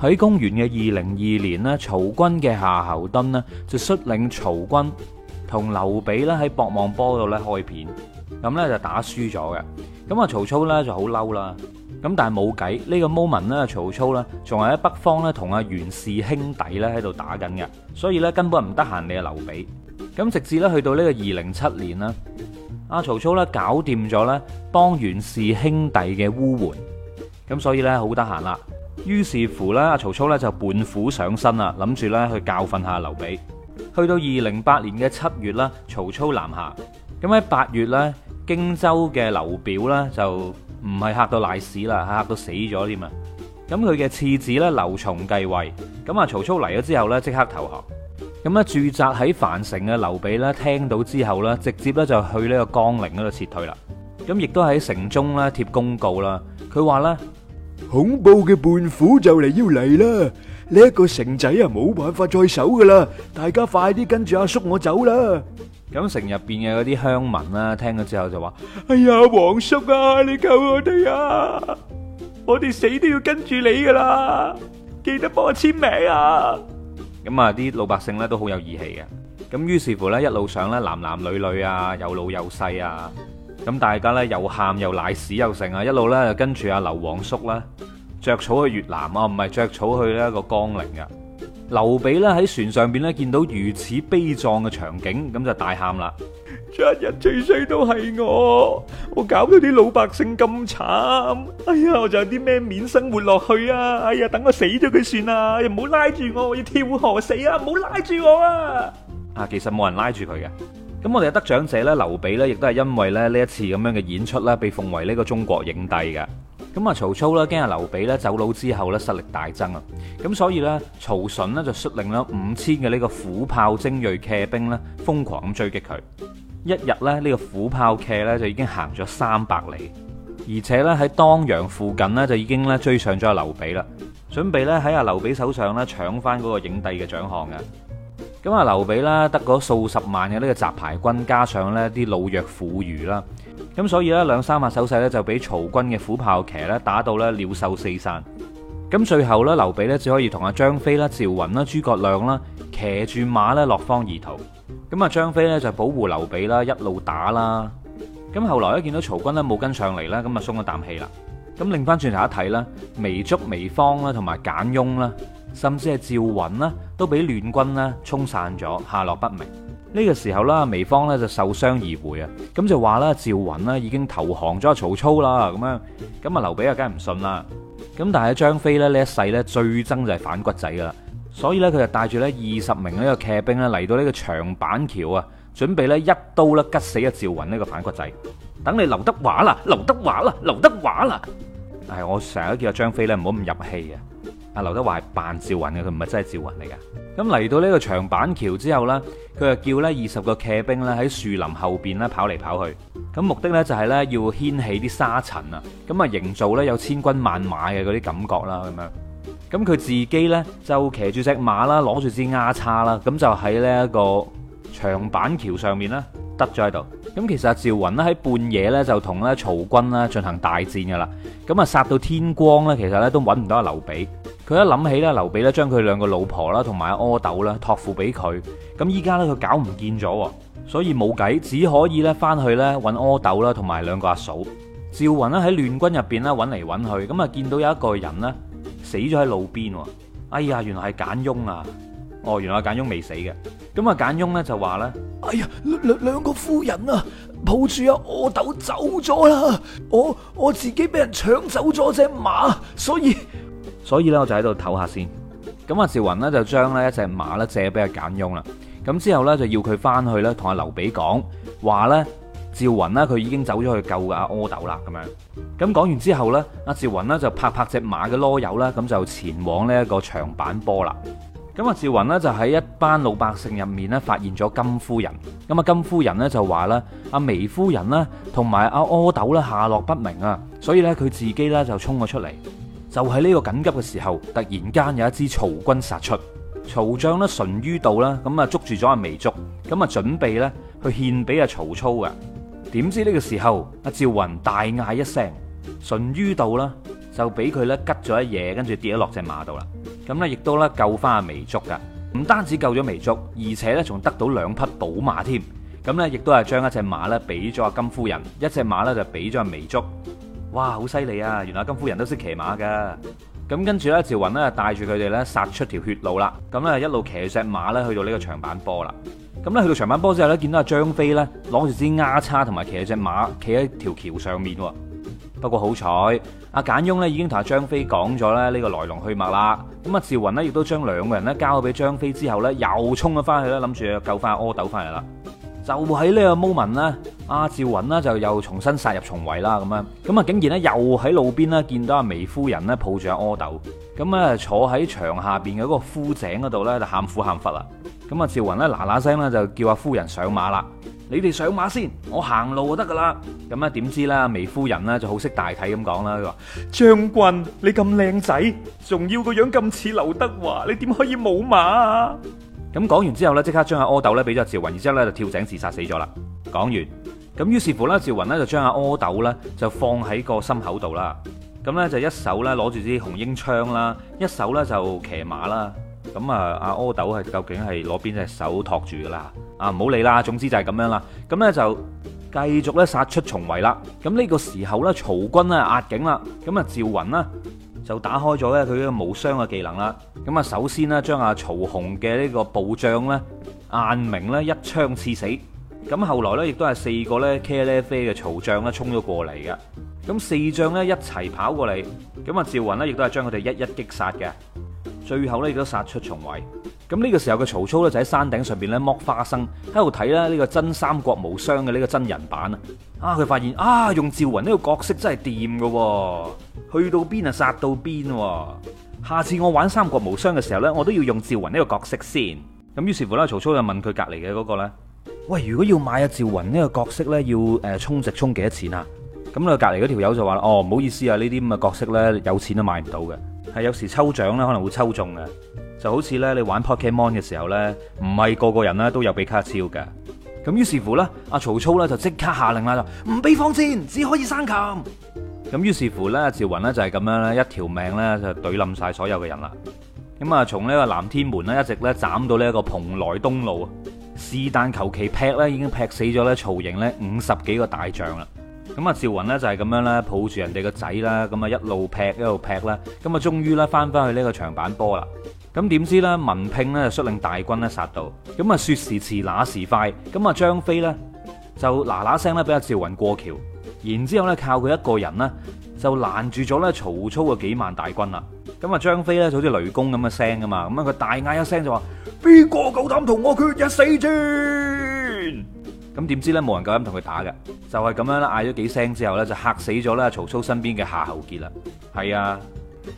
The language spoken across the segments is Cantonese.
喺公元嘅二零二年咧，曹軍嘅夏侯惇咧就率領曹軍同劉備咧喺博望坡度咧開片，咁呢就打輸咗嘅。咁啊，曹操呢就好嬲啦。咁但係冇計，呢、呢個 moment 咧，曹操呢仲係喺北方咧同阿袁氏兄弟咧喺度打緊嘅，所以呢根本唔得閒理阿劉備。咁直至咧去到呢個二零七年啦，阿曹操呢搞掂咗呢幫袁氏兄弟嘅烏桓，咁所以呢，好得閒啦。於是乎咧，曹操咧就半虎上身啦，諗住咧去教訓下劉備。去到二零八年嘅七月啦，曹操南下。咁喺八月咧，荊州嘅劉表咧就唔係嚇到賴屎啦，嚇到死咗添啊！咁佢嘅次子咧劉琮繼位。咁啊，曹操嚟咗之後咧，即刻投降。咁咧，駐紮喺樊城嘅劉備咧，聽到之後咧，直接咧就去呢個江陵嗰度撤退啦。咁亦都喺城中咧貼公告啦，佢話咧。恐怖嘅伴虎就嚟要嚟啦！呢、這、一個城仔啊，冇辦法再守噶啦！大家快啲跟住阿叔，叔我走啦！咁城入邊嘅嗰啲鄉民啦，聽咗之後就話：，哎呀，黃叔啊，你救我哋啊！我哋死都要跟住你噶啦！記得幫我簽名啊！咁啊，啲老百姓咧都好有義氣嘅。咁於是乎咧，一路上咧，男男女女啊，有老有細啊。咁大家咧又喊又瀨屎又成啊，一路咧跟住阿劉皇叔咧，着草去越南啊，唔係着草去咧個江陵嘅。劉備咧喺船上邊咧見到如此悲壯嘅場景，咁就大喊啦：，一日最衰都係我，我搞到啲老百姓咁慘，哎呀，我仲有啲咩面生活落去啊？哎呀，等我死咗佢算啦，又唔好拉住我，我要跳河死啊！唔好拉住我啊！啊，其實冇人拉住佢嘅。咁我哋得獎者咧，劉備咧，亦都係因為咧呢一次咁樣嘅演出咧，被奉為呢個中國影帝嘅。咁啊，曹操呢，驚怕，劉備咧走佬之後咧，實力大增啊。咁所以咧，曹純呢，就率領咧五千嘅呢個虎豹精銳騎兵咧，瘋狂咁追擊佢。一日咧呢個虎豹騎咧就已經行咗三百里，而且咧喺當陽附近呢，就已經咧追上咗劉備啦，準備咧喺阿劉備手上咧搶翻嗰個影帝嘅獎項嘅。咁啊，劉備啦，得嗰數十萬嘅呢個雜牌軍，加上呢啲老弱婦孺啦，咁所以呢兩三下手勢呢，就俾曹軍嘅虎豹騎呢打到呢鳥獸四散。咁最後呢，劉備呢，只可以同阿張飛啦、趙雲啦、諸葛亮啦騎住馬呢落荒而逃。咁啊，張飛呢，就保護劉備啦，一路打啦。咁後來咧見到曹軍呢冇跟上嚟啦，咁啊鬆咗啖氣啦。咁擰翻轉頭一睇啦，糜竺糜芳啦，同埋簡雍啦。甚至係趙雲都俾亂軍啦沖散咗，下落不明。呢個時候啦，糜芳，就受傷而回，啊。咁就話啦，趙雲已經投降咗曹操啦。咁樣。咁啊，劉備啊，梗係唔信啦。咁但係張飛咧呢一世最憎就係反骨仔啦。所以呢，佢就帶住二十名呢個騎兵咧嚟，到呢個長板橋啊，準備一刀咧吉死個趙雲呢個反骨仔。等你劉德華啦，劉德華啦，劉德華啦。但係我成日都叫阿張飛咧唔好咁入戲啊！阿劉德華係扮趙雲嘅，佢唔係真係趙雲嚟噶。咁嚟到呢個長板橋之後呢，佢就叫呢二十個騎兵咧喺樹林後邊咧跑嚟跑去。咁目的呢就係呢要掀起啲沙塵啊，咁啊營造呢有千軍萬馬嘅嗰啲感覺啦，咁樣。咁佢自己呢就騎住隻馬啦，攞住支鴉叉啦，咁就喺呢一個長板橋上面呢得咗喺度。咁其實趙雲咧喺半夜咧就同咧曹軍咧進行大戰噶啦，咁啊殺到天光咧，其實咧都揾唔到阿劉備。佢一諗起咧，劉備咧將佢兩個老婆啦同埋阿阿斗啦託付俾佢，咁依家咧佢搞唔見咗，所以冇計，只可以咧翻去咧揾阿斗啦同埋兩個阿嫂。趙雲咧喺亂軍入邊咧揾嚟揾去，咁啊見到有一個人咧死咗喺路邊，哎呀，原來係簡雍啊！哦，原來簡雍未死嘅。咁啊簡雍咧就話啦，哎呀，兩兩個夫人啊，抱住阿、啊、阿斗走咗啦，我我自己俾人搶走咗隻馬，所以所以咧我就喺度唞下先。咁阿趙雲呢就將呢一隻馬咧借俾阿簡雍啦，咁之後咧就要佢翻去咧同阿劉備講話咧，趙雲呢，佢已經走咗去救阿阿斗啦。咁樣，咁講完之後咧，阿趙雲呢就拍拍隻馬嘅囉柚啦，咁就前往呢一個長板坡啦。咁阿趙雲呢，就喺一班老百姓入面呢，發現咗金夫人，咁啊金夫人呢，就話啦，阿眉夫人呢，同埋阿阿斗呢，下落不明啊，所以咧佢自己咧就衝咗出嚟，就喺呢個緊急嘅時候，突然間有一支曹軍殺出，曹將呢，淳于道啦，咁啊捉住咗阿眉足，咁啊準備呢，去獻俾阿曹操啊，點知呢個時候阿趙雲大嗌一聲，淳于道啦！就俾佢呢吉咗一嘢，跟住跌咗落隻馬度啦。咁呢亦都呢救翻阿糜竺噶，唔單止救咗糜竺，而且呢仲得到兩匹寶馬添。咁呢亦都係將一隻馬呢俾咗阿甘夫人，一隻馬呢就俾咗阿糜竺。哇，好犀利啊！原來甘夫人都識騎馬噶。咁跟住呢，趙雲呢帶住佢哋呢殺出條血路啦。咁呢，一路騎隻馬呢去到呢個長板坡啦。咁呢去到長板坡之後呢，見到阿張飛呢攞住支鴉叉同埋騎隻馬，企喺條橋上面喎。不過好彩，阿簡雍咧已經同阿張飛講咗咧呢個來龍去脈啦。咁啊，趙雲呢，亦都將兩個人咧交咗俾張飛之後呢，又衝咗翻去咧，諗住救翻阿阿斗翻嚟啦。就喺呢個 moment 呢，阿趙雲呢，就又重新殺入重圍啦。咁樣咁啊，竟然咧又喺路邊呢見到阿糜夫人呢，抱住阿阿斗，咁啊，坐喺牆下邊嘅嗰個枯井嗰度呢，就喊苦喊忽啦。咁啊，趙雲咧嗱嗱聲咧就叫阿夫人上馬啦，你哋上馬先，我行路就得噶啦。咁咧點知啦，糜夫人咧就好識大體咁講啦，佢話，將軍你咁靚仔，仲要個樣咁似劉德華，你點可以冇馬啊？咁講完之後咧，即刻將阿阿斗咧俾咗趙雲，然之後咧就跳井自殺死咗啦。講完，咁於是乎咧，趙雲咧就將阿阿斗咧就放喺個心口度啦。咁咧就一手咧攞住支紅纓槍啦，一手咧就騎馬啦。阿斗究竟是攞邊手托住的？最後咧亦都殺出重圍。咁呢個時候嘅曹操咧就喺山頂上邊咧剝花生，喺度睇呢呢個真三國無雙嘅呢個真人版啊！佢發現啊用趙雲呢個角色真係掂噶，去到邊啊殺到邊。下次我玩三國無雙嘅時候呢，我都要用趙雲呢個角色先。咁於是乎呢，曹操就問佢隔籬嘅嗰個呢：「喂，如果要買啊趙雲呢個角色呢，要誒充值充幾多錢啊？」咁咧隔籬嗰條友就話：「哦，唔好意思啊，呢啲咁嘅角色呢，有錢都買唔到嘅。」係有時抽獎咧可能會抽中嘅，就好似咧你玩 Pokemon 嘅時候咧，唔係個個人咧都有比卡超嘅。咁於是乎咧，阿曹操咧就即刻下令啦，就唔俾放箭，只可以生擒。咁於是乎咧，趙雲呢就係咁樣咧，一條命咧就懟冧晒所有嘅人啦。咁啊，從呢個南天門咧一直咧斬到呢一個蓬萊東路，是但求其劈咧已經劈死咗咧曹營呢五十幾個大將啦。咁啊，趙雲呢就係咁樣啦，抱住人哋個仔啦，咁啊一路劈一路劈啦，咁啊終於咧翻翻去呢個長板坡啦。咁點知咧，文聘呢就率領大軍咧殺到，咁啊說時遲那時快，咁啊張飛呢就嗱嗱聲咧俾阿趙雲過橋，然之後咧靠佢一個人呢就攔住咗咧曹操嘅幾萬大軍啦。咁啊張飛咧就好似雷公咁嘅聲噶嘛，咁啊佢大嗌一聲就話：邊個夠膽同我決一死戰！咁點知呢？冇人夠膽同佢打嘅，就係咁樣嗌咗幾聲之後呢，就嚇死咗啦！曹操身邊嘅夏侯傑啦，係啊，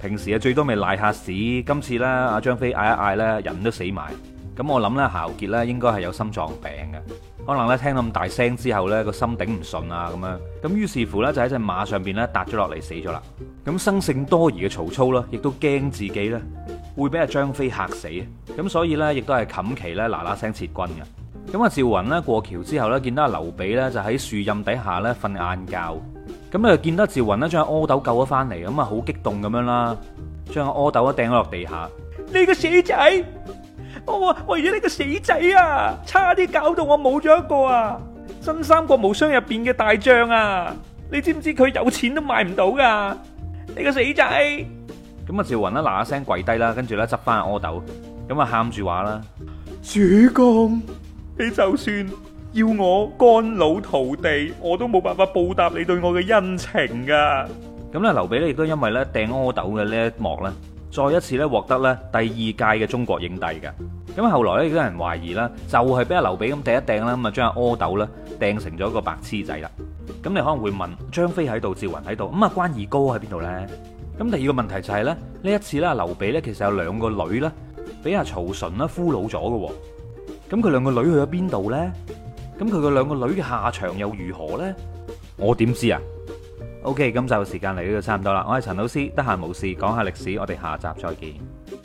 平時啊最多咪賴下屎，今次呢，阿張飛嗌一嗌呢，人都死埋，咁我諗呢，夏侯傑呢應該係有心臟病嘅，可能呢，聽到咁大聲之後呢，個心頂唔順啊咁樣，咁於是乎呢，就喺隻馬上邊呢，踏咗落嚟死咗啦。咁生性多疑嘅曹操呢，亦都驚自己呢會俾阿張飛嚇死，咁所以呢，亦都係冚旗呢，嗱嗱聲撤軍嘅。咁啊，趙雲呢，過橋之後咧，見到阿劉備咧就喺樹蔭底下咧瞓晏覺。咁咧就見到趙雲呢，將阿阿斗救咗翻嚟，咁啊好激動咁樣啦，將阿阿斗啊掟咗落地下。你個死仔！哦，為咗你個死仔啊，差啲搞到我冇咗一個啊！《真三國無雙》入邊嘅大將啊，你知唔知佢有錢都買唔到噶？你個死仔！咁啊，趙雲呢，嗱嗱聲跪低啦，跟住咧執翻阿阿斗，咁啊喊住話啦，主公。你就算要我肝腦塗地，我都冇辦法報答你對我嘅恩情噶。咁咧，劉備咧亦都因為咧掟阿斗嘅呢一幕咧，再一次咧獲得咧第二屆嘅中國影帝噶。咁後來咧，亦都有人懷疑啦，就係俾阿劉備咁掟一掟啦，咁啊將阿阿斗啦掟成咗一個白痴仔啦。咁你可能會問：張飛喺度，趙雲喺度，咁啊關二哥喺邊度咧？咁第二個問題就係、是、咧，呢一次咧，劉備咧其實有兩個女咧，俾阿曹純啦俘虜咗噶。咁佢兩個女去咗邊度呢？咁佢個兩個女嘅下場又如何呢？我點知啊？OK，今就時間嚟到差唔多啦。我係陳老師，得閒無事講下歷史，我哋下集再見。